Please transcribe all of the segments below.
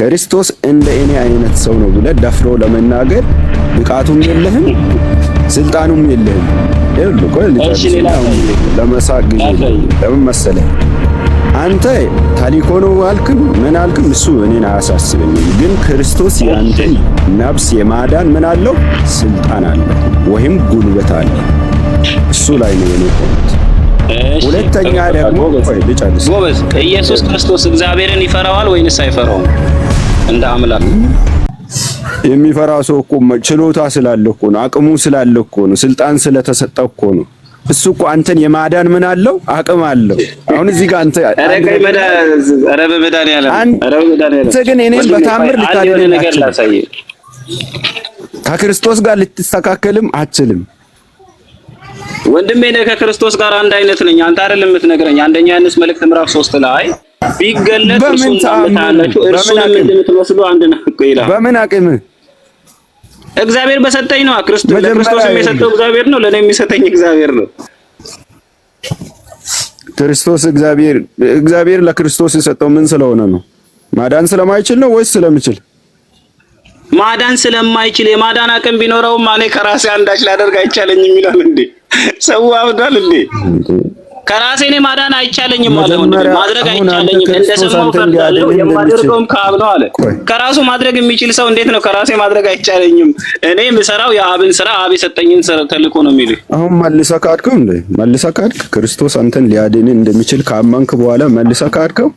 ክርስቶስ እንደ እኔ አይነት ሰው ነው ብለህ ደፍሮ ለመናገር ብቃቱም የለህም፣ ስልጣኑም የለህም። ይሉ ቆይ ለመሳቅ ጊዜ ለምን መሰለህ? አንተ ታሊኮ ነው አልክም ምን አልክም፣ እሱ እኔን አያሳስበኝም። ግን ክርስቶስ የአንተ ነፍስ የማዳን ምን አለው? ስልጣን አለ ወይም ጉልበት አለ። እሱ ላይ ነው የኔ ሁለተኛ ደግሞ ልጨርስ። ኢየሱስ ክርስቶስ እግዚአብሔርን ይፈራዋል ወይንስ አይፈራውም? እንደ አምላክ የሚፈራ ሰው እኮ ችሎታ ስላለ እኮ ነው፣ አቅሙ ስላለ እኮ ነው፣ ስልጣን ስለተሰጠ እኮ ነው። እሱ እኮ አንተን የማዳን ምን አለው? አቅም አለው። አሁን እዚህ ጋር አንተ መዳን መዳን መዳን አንተ ግን እኔን በታምር ነገር ላሳየ ከክርስቶስ ጋር ልትስተካከልም አችልም። ወንድሜ እኔ ከክርስቶስ ጋር አንድ አይነት ነኝ። አንተ አይደለም የምትነግረኝ። አንደኛ ዮሐንስ መልእክት ምዕራፍ ሶስት ላይ ቢገለጥ በምን ነው በምን አቅም እግዚአብሔር በሰጠኝ ነው። ክርስቶስ ለክርስቶስ የሚሰጠው እግዚአብሔር ነው፣ የሚሰጠኝ እግዚአብሔር ነው። ክርስቶስ እግዚአብሔር እግዚአብሔር ለክርስቶስ የሰጠው ምን ስለሆነ ነው? ማዳን ስለማይችል ነው ወይስ ስለሚችል? ማዳን ስለማይችል የማዳን አቅም ቢኖረውም እኔ ከራሴ አንዳች ላደርግ አይቻለኝም ይላል እንዴ! ሰው አብዷል እንዴ! ከራሴ እኔ ማዳን አይቻለኝም ማለት ነው። ማድረግ አይቻለኝም፣ እንደሰማው ፈርዳለሁ፣ የማደርገውም ከአብ ነው አለ። ከራሱ ማድረግ የሚችል ሰው እንዴት ነው ከራሴ ማድረግ አይቻለኝም፣ እኔ የምሰራው የአብን ስራ፣ አብ የሰጠኝን ተልእኮ ነው የሚል። አሁን መልሰህ ካድከው እንዴ? መልሰህ ካድክ። ክርስቶስ አንተን ሊያድን እንደሚችል ካመንክ በኋላ መልሰህ ካድከው።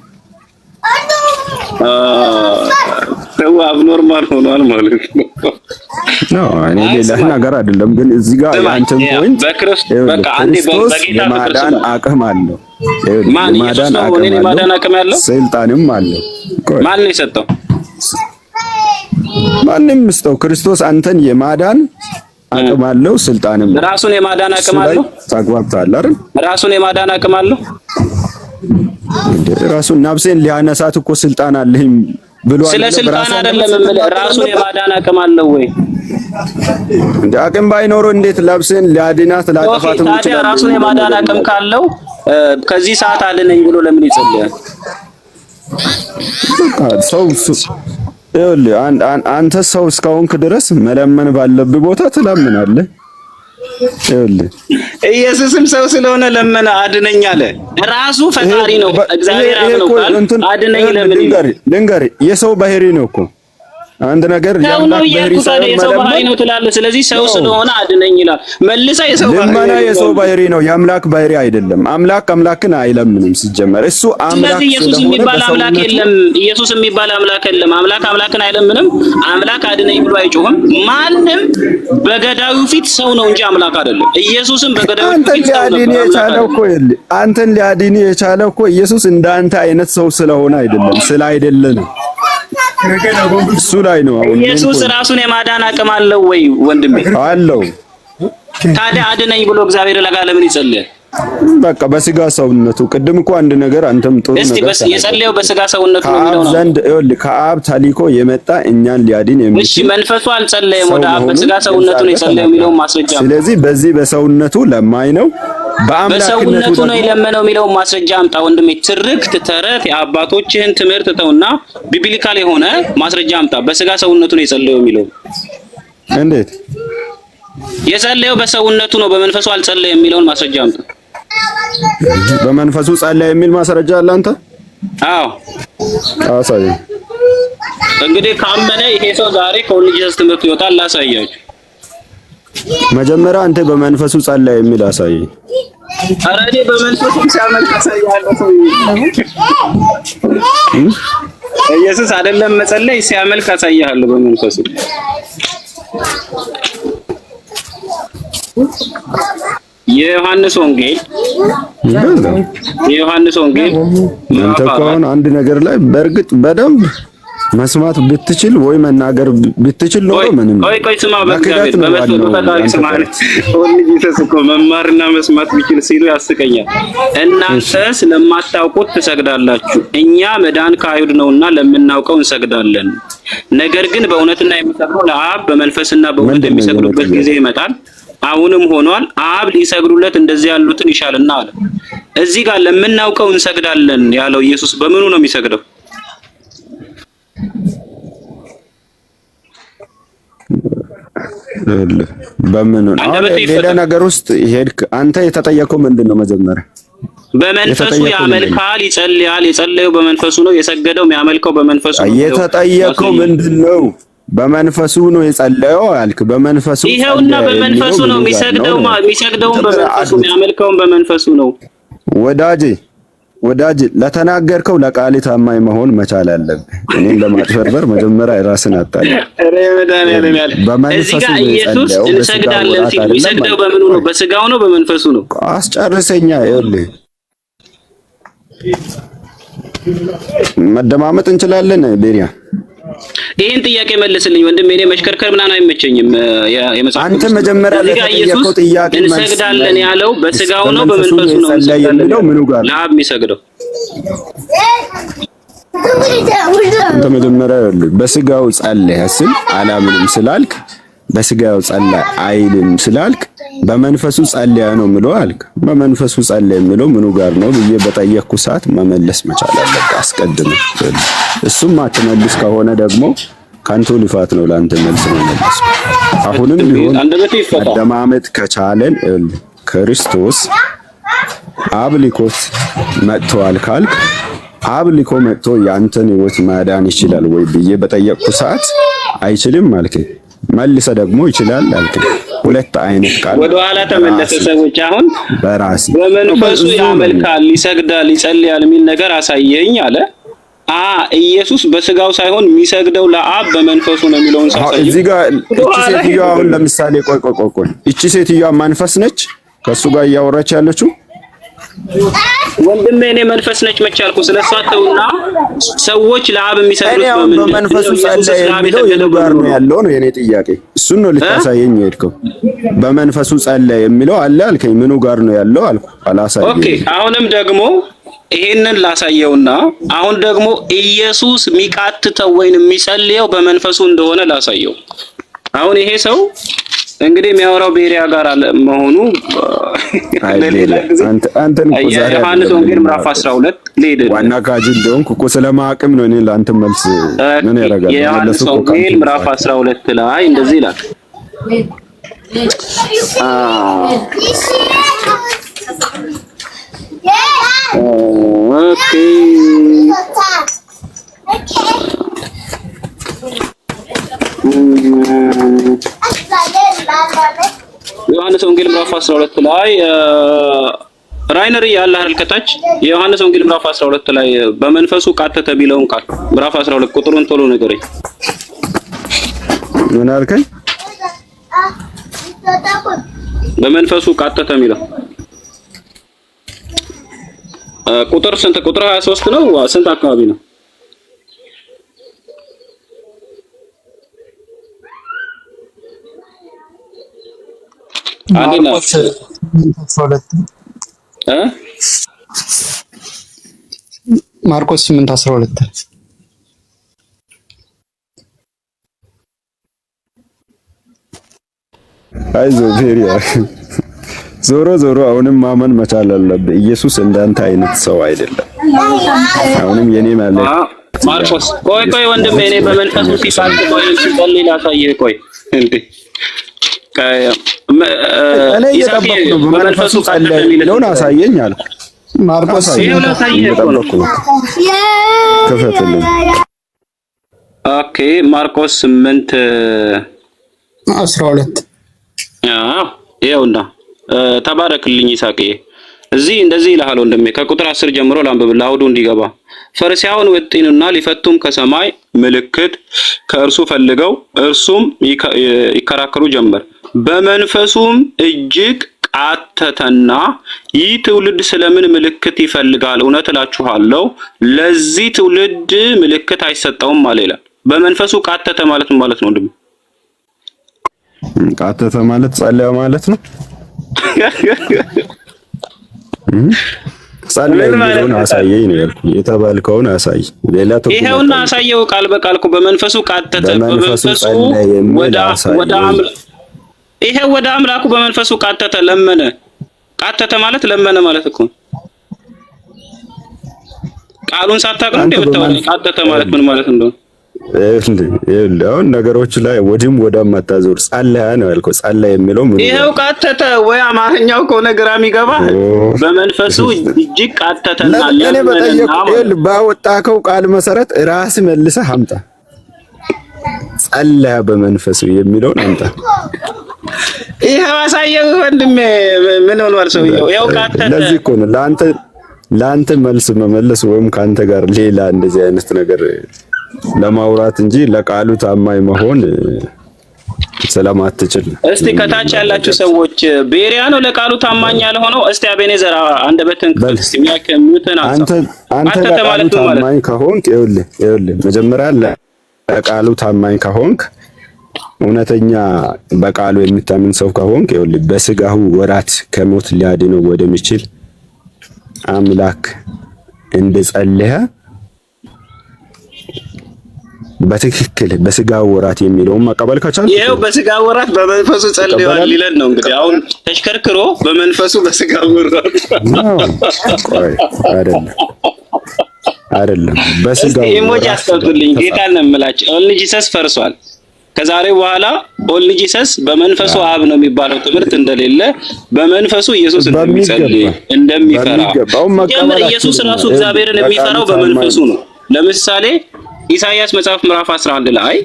ሰው አብኖርማል ሆኗል ማለት ነው። ነው እኔ ሌላ ነገር አይደለም። ግን እዚህ ጋር ያንተን ፖይንት በክርስቶስ የማዳን አቅም አለው። የማዳን አቅም አለው፣ ስልጣንም አለው። ማን ነው የሰጠው? ማንም ስጠው። ክርስቶስ አንተን የማዳን አቅም አለው፣ ስልጣንም ራሱን የማዳን አቅም አለው። ታግባብታል አይደል? ራሱን የማዳን አቅም አለው። ራሱን ነፍሴን ሊያነሳት እኮ ስልጣን አለኝ ስለ ስልጣን አይደለም የምልህ፣ ራሱን የማዳን አቅም አለው ወይ? እንደ አቅም ባይኖረው እንዴት ለብስን ሊያድናት ላጠፋት ነው? ታዲያ ራሱን የማዳን አቅም ካለው ከዚህ ሰዓት አድነኝ ብሎ ለምን ይጸልያል? ሰው አንተ ሰው እስካሁንክ ድረስ መለመን ባለብህ ቦታ ትለምናለህ። ኢየሱስም ሰው ስለሆነ ለመነ አድነኝ አለ። ራሱ ፈጣሪ ነው፣ እግዚአብሔር ነው። አድነኝ ለምን ልንገርህ፣ የሰው ባህሪ ነው እኮ አንድ ነገር ያላህ ባህሪ ነው ትላለህ። ስለዚህ ሰው ስለሆነ አድነኝ ይላል። መልሳ የሰው ባህሪ ልመና የሰው ባህሪ ነው የአምላክ ባህሪ አይደለም። አምላክ አምላክን አይለምንም ሲጀመር እሱ አምላክ። ኢየሱስ የሚባል አምላክ የለም። ኢየሱስ የሚባል አምላክ የለም። አምላክ አምላክን አይለምንም። አምላክ አድነኝ ብሎ አይጮህም። ማንም በገዳዩ ፊት ሰው ነው እንጂ አምላክ አይደለም። ኢየሱስም በገዳዩ ፊት ሰው ነው። አንተን ሊያድን የቻለው እኮ ኢየሱስ እንዳንተ አይነት ሰው ስለሆነ አይደለም ስለ አይደለም እሱ ላይ ነው። አሁን። ኢየሱስ ራሱን የማዳን አቅም አለው ወይ ወንድሜ? አለው። ታዲያ አድነኝ ብሎ እግዚአብሔር ለጋለምን ይጸልያል። በቃ በስጋ ሰውነቱ ቅድም እኮ አንድ ነገር አንተም ጥሩ ነገር እስቲ የጸለየው በስጋ ሰውነቱ ነው የሚለው ነው ዘንድ ይኸውልህ ከአብ ታሊኮ የመጣ እኛን ሊያድን የሚችል እሺ መንፈሱ አልጸለየም ወደ አብ በስጋ ሰውነቱ ነው የጸለየው የሚለው ማስረጃ ስለዚህ በዚህ በሰውነቱ ለማኝ ነው በሰውነቱ ነው የለመነው የሚለው ማስረጃ አምጣ ወንድሜ ትርክት ተረት የአባቶችህን ትምህርት ተውና ቢብሊካል የሆነ ማስረጃ አምጣ በስጋ ሰውነቱ ነው የጸለየው የሚለው እንዴት የጸለየው በሰውነቱ ነው በመንፈሱ አልጸለየም የሚለውን ማስረጃ አምጣ በመንፈሱ ጸለየ የሚል ማስረጃ አለ አንተ? አዎ አሳይ። እንግዲህ ካመነ ይሄ ሰው ዛሬ ከሁልጊዜስ ትምህርት ይወጣል። ላሳያችሁ። መጀመሪያ አንተ በመንፈሱ ጸለየ የሚል አሳይ። ኧረ እኔ በመንፈሱ ሲያመልክ አሳያለሁ። ኢየሱስ አይደለም መጸለይ ሲያመልክ አሳያለሁ በመንፈሱ የዮሐንስ ወንጌል የዮሐንስ ወንጌል አንተ እኮ አንድ ነገር ላይ በእርግጥ በደንብ መስማት ብትችል ወይ መናገር ብትችል ኖሮ ምንም ቆይ ቆይ ስማ፣ በእግዚአብሔር በመስጠቱ ፈጣሪ ስማ። ጂሰስ እኮ መማርና መስማት ቢችል ሲሉ ያስቀኛል። እናንተ ለማታውቁት ትሰግዳላችሁ፣ እኛ መዳን ከአይሁድ ነውና ለምናውቀው እንሰግዳለን። ነገር ግን በእውነትና የሚሰግዱ ለአብ በመንፈስና በእውነት የሚሰግዱበት ጊዜ ይመጣል አሁንም ሆኗል። አብ ሊሰግዱለት እንደዚህ ያሉትን ይሻልና አለ። እዚህ ጋር ለምናውቀው እንሰግዳለን ያለው ኢየሱስ በምኑ ነው የሚሰግደው? በምኑ ነው? ሌላ ነገር ውስጥ ሄድክ አንተ። የተጠየቀው ምንድን ነው መጀመሪያ? በመንፈሱ ያመልካል፣ ይጸልያል። የጸለየው በመንፈሱ ነው፣ የሰገደው የሚያመልከው በመንፈሱ ነው። የተጠየቀው ምንድን ነው? በመንፈሱ ነው የጸለየው አልክ። በመንፈሱ ይሄውና፣ በመንፈሱ ነው የሚሰግደው። ማ የሚሰግደውም በመንፈሱ የሚያመልከውም በመንፈሱ ነው። ወዳጄ ወዳጄ፣ ለተናገርከው ለቃሌ ታማኝ መሆን መቻል አለብህ። እኔም ለማጭበርበር መጀመሪያ የራስን አጣል። በመንፈሱ ነው ኢየሱስ እንሰግዳለን ሲል የሚሰግደው በምኑ ነው? በስጋው ነው በመንፈሱ ነው? አስጨርሰኛ። ይኸውልህ መደማመጥ እንችላለን ቤሪያ ይህን ጥያቄ መልስልኝ ወንድም። እኔ መሽከርከር ምናምን አይመቸኝም። የመጽሐፍ አንተ መጀመሪያ ለተጠየቀው ጥያቄ መልስ እንሰግዳለን ያለው በስጋው ነው በመንፈሱ ነው እንሰግዳለን ነው ምኑ ጋር ለአብ የሚሰግደው አንተ መጀመሪያ ያለው በስጋው ጸለየ ስል አላምንም ስላልክ በስጋው ጸለየ አይልም ስላልክ በመንፈሱ ጸለያ ነው ምለው አልክ። በመንፈሱ ጸለያ ምለው ምኑ ጋር ነው ብዬ በጠየቅኩ ሰዓት መመለስ መቻል አለበት አስቀድመ። እሱም አትመልስ ከሆነ ደግሞ ከንቱ ልፋት ነው ለአንተ መልስ መመለስ። አሁንም ቢሆን አደማመጥ ከቻለን ክርስቶስ አብሊኮት መጥተዋል ካልክ አብሊኮ መጥቶ የአንተን ህይወት ማዳን ይችላል ወይ ብዬ በጠየቅኩ ሰዓት አይችልም አልክ። መልሰ ደግሞ ይችላል አልክ። ሁለት አይነት ቃል ኋላ ተመለሰ። ሰዎች አሁን በራስ በመንፈሱ ያመልካል፣ ይሰግዳል፣ ይጸልያል የሚል ነገር አሳየኝ አለ። አ ኢየሱስ በስጋው ሳይሆን የሚሰግደው ለአብ በመንፈሱ ነው የሚለውን ሳሳይ እዚህ ጋር እቺ ሴትዮዋ አሁን ለምሳሌ ቆይ ቆይ ቆይ እቺ ሴትዮዋ መንፈስ ነች ከእሱ ጋር እያወራች ያለችው ወንድሜ እኔ መንፈስ ነች መቻልኩ ስለሷ ተውና፣ ሰዎች ለአብ የሚሰግዱት በመንፈሱ ጸለየ የሚለው ጋር ነው ያለው ነው የኔ ጥያቄ። እሱን ነው ልታሳየኝ የሄድከው። በመንፈሱ ጸለየ የሚለው አለ አልከኝ፣ ምኑ ጋር ነው ያለው አልኩ፣ አላሳየኝ። ኦኬ አሁንም ደግሞ ይሄንን ላሳየውና አሁን ደግሞ ኢየሱስ የሚቃትተው ወይንም የሚጸልየው በመንፈሱ እንደሆነ ላሳየው። አሁን ይሄ ሰው እንግዲህ የሚያወራው ብሔርያ ጋር መሆኑ አንተን ዮሐንስ ወንጌል ምዕራፍ 12 ሌድ ዋና ካጅ እንደሆንኩ እኮ ስለማቅም ነው። እኔ ለአንተ መልስ ምን ያደርጋል? ዮሐንስ ወንጌል ምዕራፍ 12 ላይ እንደዚህ ይላል። ኦኬ ዮሐንስ ወንጌል ምዕራፍ 12 ላይ ራይነር ያለ ከታች የዮሐንስ ወንጌል ምዕራፍ 12 ላይ በመንፈሱ ቃተተ ቢለውን ቃል ምዕራፍ 12 ቁጥሩን ቶሎ ንገረኝ። ምን አልከኝ? በመንፈሱ ቃተተ የሚለው ቁጥር ስንት? ቁጥር 23 ነው። ስንት አካባቢ ነው? ማርቆስ 8 12 አይዞ ፌሪያ ዞሮ ዞሮ አሁንም ማመን መቻል አለብህ። ኢየሱስ እንዳንተ አይነት ሰው አይደለም። አሁንም የኔ ማለ ማርቆስ ቆይ ቆይ ወንድሜ እኔ በመንፈስ ሲፋል ቆይ ሲጸልይ ላሳየህ ቆይ እንዴ እኔ እየጠበኩ ነው። በመንፈሱ አሳየኝ ማርቆስ። እየጠበኩ ነው። ክፈትልኝ። ኦኬ ማርቆስ ስምንት አስራ ሁለት ይኸውና ተባረክልኝ ይሳቅዬ። እዚህ እንደዚህ ይልሃል ወንድሜ፣ ከቁጥር አስር ጀምሮ ላንብብ ለአውዱ እንዲገባ። ፈሪሳውያን ወጢንና ሊፈቱም ከሰማይ ምልክት ከእርሱ ፈልገው እርሱም ይከራከሩ ጀመር። በመንፈሱም እጅግ አተተና ይህ ትውልድ ስለምን ምልክት ይፈልጋል? እውነት እላችኋለሁ ለዚህ ትውልድ ምልክት አይሰጠውም አለ ይላል። በመንፈሱ ቃተተ ማለት ምን ማለት ነው? ወንድም ቃተተ ማለት ጸለየ ማለት ነው። ጸለየ የሚለውን አሳየኝ ነው ያልኩህ። የተባልከውን አሳይ። ሌላ ተቆም ይሄውና አሳየው ቃል በቃል እኮ በመንፈሱ ቃተተ በመንፈሱ ወደ ወደ ይሄ ወደ አምላኩ በመንፈሱ ቃተተ ለመነ። ቃተተ ማለት ለመነ ማለት እኮ ቃሉን ሳታውቅ ነው እንደምታወራው። ቃተተ ማለት ምን ማለት እንደሆነ አሁን ነገሮች ላይ ወዲም ወዳም አታዞር። ጸለያ ነው ያልከው። ጸለያ የሚለው ምን ይሄው ቃተተ ወይ አማርኛው ከሆነ ግራ የሚገባ በመንፈሱ እጅግ ቃተተና ለምን ባወጣከው ቃል መሰረት ራስ መልሰህ አምጣ። ጸለያ በመንፈሱ የሚለውን አምጣ። ይህ ማሳየው ወንድሜ ምን ሆኗል ሰውየው? ያው ካንተ ለዚህ እኮ ነው ለአንተ ለአንተ መልስ መመለስ ወይም ከአንተ ጋር ሌላ እንደዚህ አይነት ነገር ለማውራት እንጂ ለቃሉ ታማኝ መሆን ስለማትችል እስቲ ከታች ያላችሁ ሰዎች ቤሪያ ነው ለቃሉ ታማኝ ያልሆነው። እስቲ አቤኔዘር አንደበትን ክፍል እስቲ ሚያከም ሙተና አንተ አንተ ለቃሉ ታማኝ ከሆንክ ይኸውልህ ይኸውልህ መጀመሪያ ለቃሉ ታማኝ ከሆንክ እውነተኛ በቃሉ የምታምን ሰው ከሆንክ ይኸውልህ በስጋሁ ወራት ከሞት ሊያድነው ወደሚችል አምላክ እንደጸለየ በትክክል በስጋው ወራት የሚለውን መቀበል ከቻልክ ይሄው በስጋው ወራት በመንፈሱ ጸልየዋል ሊለን ነው። እንግዲህ አሁን ተሽከርክሮ በመንፈሱ በስጋው ወራት ቆይ፣ አይደለም አይደለም፣ በስጋ ወራት አስቀምጡልኝ። ጌታን ነው የምላቸው። ኦንሊ ጂሰስ ፈርሷል። ከዛሬ በኋላ ኦል ጂሰስ በመንፈሱ አብ ነው የሚባለው ትምህርት እንደሌለ በመንፈሱ ኢየሱስ እንደሚጸልይ እንደሚፈራ ጀምር። ኢየሱስ ራሱ እግዚአብሔርን የሚፈራው በመንፈሱ ነው። ለምሳሌ ኢሳይያስ መጽሐፍ ምዕራፍ 11 ላይ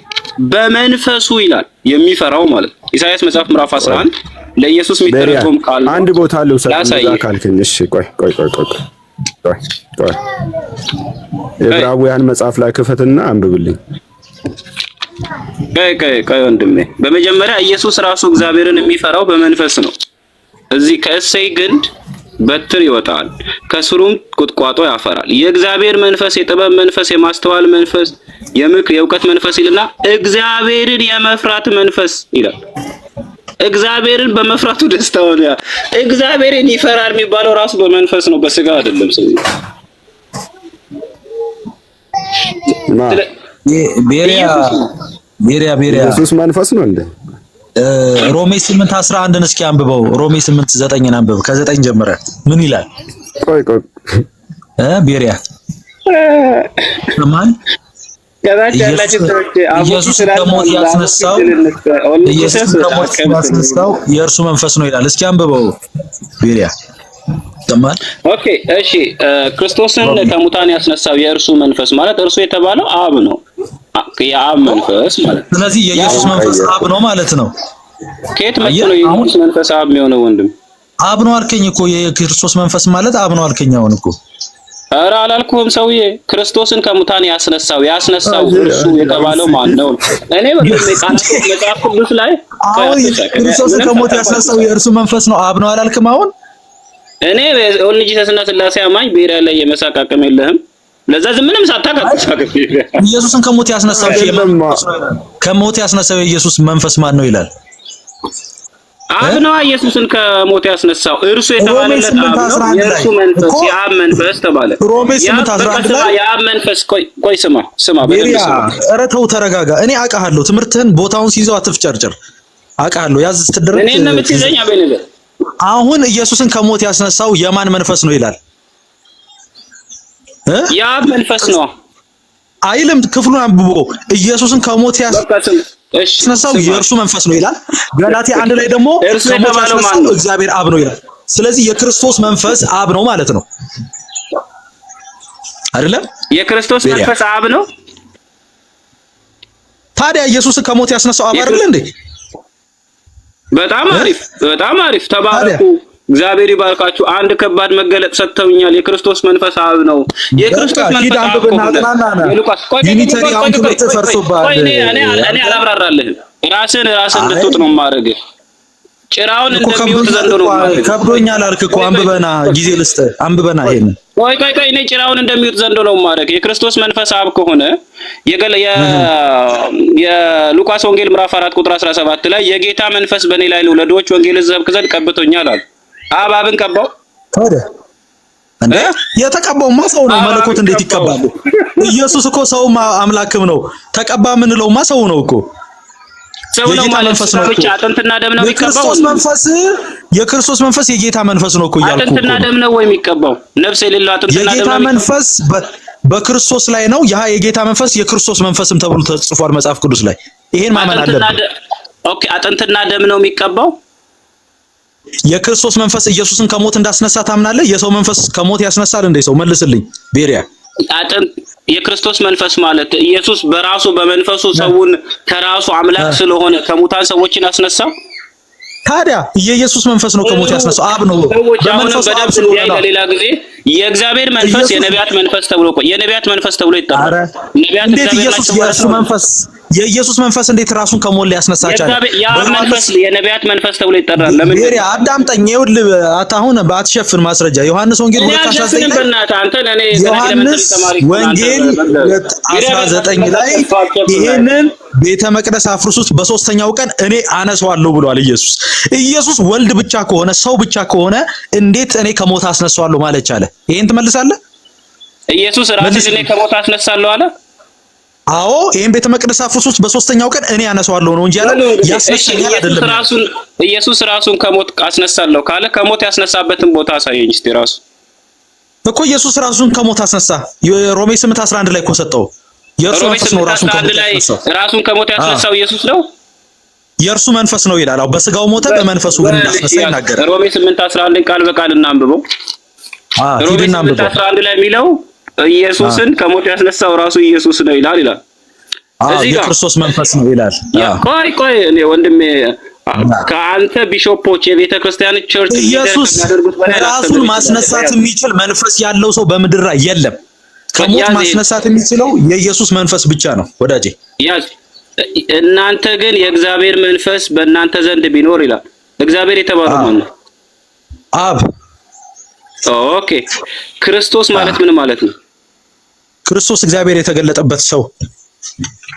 በመንፈሱ ይላል የሚፈራው ማለት ነው። ኢሳይያስ መጽሐፍ ምዕራፍ 11 ለኢየሱስ የሚተረጎም ቃል አንድ ቦታ አለው ልውሰድ ካልከኝ፣ እሺ ቆይ ቆይ ቆይ ቆይ ቆይ የዕብራውያን መጽሐፍ ላይ ክፈትና አንብብልኝ ቀይ ቀይ ቀይ ወንድሜ፣ በመጀመሪያ ኢየሱስ ራሱ እግዚአብሔርን የሚፈራው በመንፈስ ነው። እዚህ ከእሰይ ግንድ በትር ይወጣል፣ ከስሩም ቁጥቋጦ ያፈራል። የእግዚአብሔር መንፈስ፣ የጥበብ መንፈስ፣ የማስተዋል መንፈስ፣ የምክር የእውቀት መንፈስ ይልና እግዚአብሔርን የመፍራት መንፈስ ይላል። እግዚአብሔርን በመፍራቱ ደስታ ሆነ። እግዚአብሔርን ይፈራል የሚባለው ራሱ በመንፈስ ነው፣ በስጋ አይደለም ሰው ቤሪያ ቤሪያ ኢየሱስ መንፈስ ነው እንዴ? ሮሜ 8 11ን እስኪ አንብበው። ሮሜ 8 9ን አንብብ። ጀምረ ምን ይላል? ቆይ ቆይ እ ቤሪያ ማን ኢየሱስ ከሞት ያስነሳው የእርሱ መንፈስ ነው ይላል። እስኪ አንብበው ይሰማል። ኦኬ እሺ፣ ክርስቶስን ከሙታን ያስነሳው የእርሱ መንፈስ ማለት እርሱ የተባለው አብ ነው፣ የአብ መንፈስ ማለት ስለዚህ የኢየሱስ መንፈስ አብ ነው ማለት ነው። ከየት መጥቶ ነው የኢየሱስ መንፈስ አብ የሚሆነው? ወንድም አብ ነው አልከኝ እኮ የክርስቶስ መንፈስ ማለት አብ ነው አልከኝ። አሁን እኮ ኧረ አላልኩህም ሰውዬ። ክርስቶስን ከሙታን ያስነሳው ያስነሳው እርሱ የተባለው ማን ነው? እኔ መጽሐፍ ቅዱስ ላይ አሁን ክርስቶስን ከሞት ያስነሳው የእርሱ መንፈስ ነው አብ ነው አላልክም አሁን እኔ ኦል ጂሰስ ስላሴ አማኝ ብሔራ ላይ የመሳቅ አቅም የለህም። ለዛ ዝምንም ምንም ሳታቃጥሳቅ ኢየሱስን ከሞት ያስነሳው ከሞት ያስነሳው የኢየሱስ መንፈስ ማን ነው ይላል። አብ ነዋ ኢየሱስን ከሞት ያስነሳው እርሱ የተባለለት አብ ነው። የእርሱ መንፈስ የአብ መንፈስ ተባለ። ሮሜ ስምንት አስራ ላይ የአብ መንፈስ ቆይ ቆይ ስማ ስማ፣ ኧረ ተው ተረጋጋ። እኔ አውቃለሁ ትምህርትህን ቦታውን ሲይዘው አትፍጨርጭር። አውቃለሁ ያዝ ስትደረግ እኔ ነው የምትይዘኝ አቤ ነገር አሁን ኢየሱስን ከሞት ያስነሳው የማን መንፈስ ነው ይላል? ያ መንፈስ ነው አይልም። ክፍሉን አንብቦ ኢየሱስን ከሞት ያስነሳው የእርሱ መንፈስ ነው ይላል። ገላትያ አንድ ላይ ደግሞ ከሞት ያስነሳው እግዚአብሔር አብ ነው ይላል። ስለዚህ የክርስቶስ መንፈስ አብ ነው ማለት ነው አይደለም? የክርስቶስ መንፈስ አብ ነው። ታዲያ ኢየሱስን ከሞት ያስነሳው አብ አይደለ እንዴ? በጣም አሪፍ በጣም አሪፍ ተባረኩ። እግዚአብሔር ይባርካችሁ። አንድ ከባድ መገለጥ ሰጥተውኛል። የክርስቶስ መንፈስ አብ ነው። የክርስቶስ መንፈስ አብ ነው። የሉቃስ ቆይ እኔ አላብራራልህም። ራስን ራስን እንድትውጥ ነው የማደርግህ። ጭራውን እንደሚወጥ ዘንዶ ነው ከብዶኛል አልክ እኮ አንብበና ጊዜ ልስጥ። አንብበና ይሄን ቆይ ቆይ ቆይ እኔ ጭራውን እንደሚወጥ ዘንዶ ነው የማደርግህ። የክርስቶስ መንፈስ አብ ከሆነ የገለ የሉቃስ ወንጌል ምዕራፍ 4 ቁጥር 17 ላይ የጌታ መንፈስ በእኔ ላይ ነው፣ ለድሆች ወንጌል ዘብክ ዘንድ ቀብቶኛል አለ። አብ ቀባው ታዲያ እንዴ? የተቀባውማ ሰው ነው። መለኮት እንዴት ይቀባሉ? ኢየሱስ እኮ ሰው አምላክም ነው። ተቀባ የምንለውማ ሰው ነው እኮ ሰው ነው ማለት ነው። ብቻ አጥንትና ደም ነው የሚቀባው። መንፈስ የክርስቶስ መንፈስ የጌታ መንፈስ ነው እኮ እያልኩ አጥንትና ደም ነው ወይ የሚቀባው። ነፍስ የሌለው አጥንትና ደም ነው። የጌታ መንፈስ በክርስቶስ ላይ ነው። ያ የጌታ መንፈስ የክርስቶስ መንፈስም ተብሎ ተጽፏል መጽሐፍ ቅዱስ ላይ። ይሄን ማመን አለብን። ኦኬ፣ አጥንትና ደም ነው የሚቀባው። የክርስቶስ መንፈስ ኢየሱስን ከሞት እንዳስነሳ ታምናለህ? የሰው መንፈስ ከሞት ያስነሳል እንዴ? ሰው መልስልኝ ቤሪያ። አጥንት የክርስቶስ መንፈስ ማለት ኢየሱስ በራሱ በመንፈሱ ሰውን ከራሱ አምላክ ስለሆነ ከሙታን ሰዎችን አስነሳው። ታዲያ የኢየሱስ መንፈስ ነው ከሞት ያስነሳው አብ ነው። በመንፈስ አብ ስለሆነ ሌላ ጊዜ የእግዚአብሔር መንፈስ የነቢያት መንፈስ ተብሎ የነቢያት መንፈስ ተብሎ ይጣራል። ነቢያት ኢየሱስ እግዚአብሔር መንፈስ የኢየሱስ መንፈስ እንዴት ራሱን ከሞት ላይ ያስነሳቻል? ያ መንፈስ የነቢያት መንፈስ ተብሎ ይጠራል። ለምን ይሪ አዳምጠኝ፣ ይኸውልህ አሁን ባትሸፍን ማስረጃ ዮሐንስ ወንጌል 219 ዮሐንስ ወንጌል 19 ላይ ይሄንን ቤተ መቅደስ አፍርሱት በሶስተኛው ቀን እኔ አነሳዋለሁ ብሏል ኢየሱስ። ኢየሱስ ወልድ ብቻ ከሆነ ሰው ብቻ ከሆነ እንዴት እኔ ከሞት አስነሳዋለሁ ማለት ቻለ? ይሄን ትመልሳለህ? ኢየሱስ ራሱ እኔ ከሞት አስነሳለሁ አለ። አዎ ይሄን ቤተ መቅደስ አፍርሱት፣ በሶስተኛው ቀን እኔ ያነሳዋለሁ ነው እንጂ ያለው ያስነሳኛል አይደለም። ራሱን ኢየሱስ ራሱን ከሞት አስነሳለሁ ካለ ከሞት ያስነሳበትን ቦታ አሳየኝ እስቲ። ራሱ እኮ ኢየሱስ ራሱን ከሞት አስነሳ። ሮሜ 8:11 ላይ እኮ ሰጠው። የእርሱ መንፈስ ነው ራሱን ከሞት ያስነሳው። ራሱን ከሞት ያስነሳው ኢየሱስ ነው፣ የእርሱ መንፈስ ነው ይላል። አዎ በስጋው ሞተ፣ በመንፈሱ ግን እንዳስነሳ ይናገራል። ሮሜ 8:11 ቃል በቃል እናንብበው። አዎ ሮሜ 8:11 ላይ የሚለው ኢየሱስን ከሞት ያስነሳው ራሱ ኢየሱስ ነው ይላል ይላል። እዚህ ጋር የክርስቶስ መንፈስ ነው ይላል። ቆይ ቆይ እኔ ወንድሜ ከአንተ ቢሾፖች የቤተ ክርስቲያን ቸርች ኢየሱስ ራሱን ማስነሳት የሚችል መንፈስ ያለው ሰው በምድር ላይ የለም። ከሞት ማስነሳት የሚችለው የኢየሱስ መንፈስ ብቻ ነው ወዳጄ። እናንተ ግን የእግዚአብሔር መንፈስ በእናንተ ዘንድ ቢኖር ይላል። እግዚአብሔር የተባለው ነው? አብ። ኦኬ። ክርስቶስ ማለት ምን ማለት ነው? ክርስቶስ እግዚአብሔር የተገለጠበት ሰው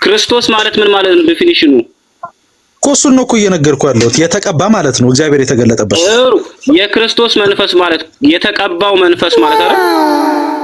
ክርስቶስ ማለት ምን ማለት ነው? ዴፊኒሽኑ እኮ እሱን ነው እኮ እየነገርኩ ያለሁት። የተቀባ ማለት ነው እግዚአብሔር የተገለጠበት የክርስቶስ መንፈስ ማለት የተቀባው መንፈስ ማለት አይደል?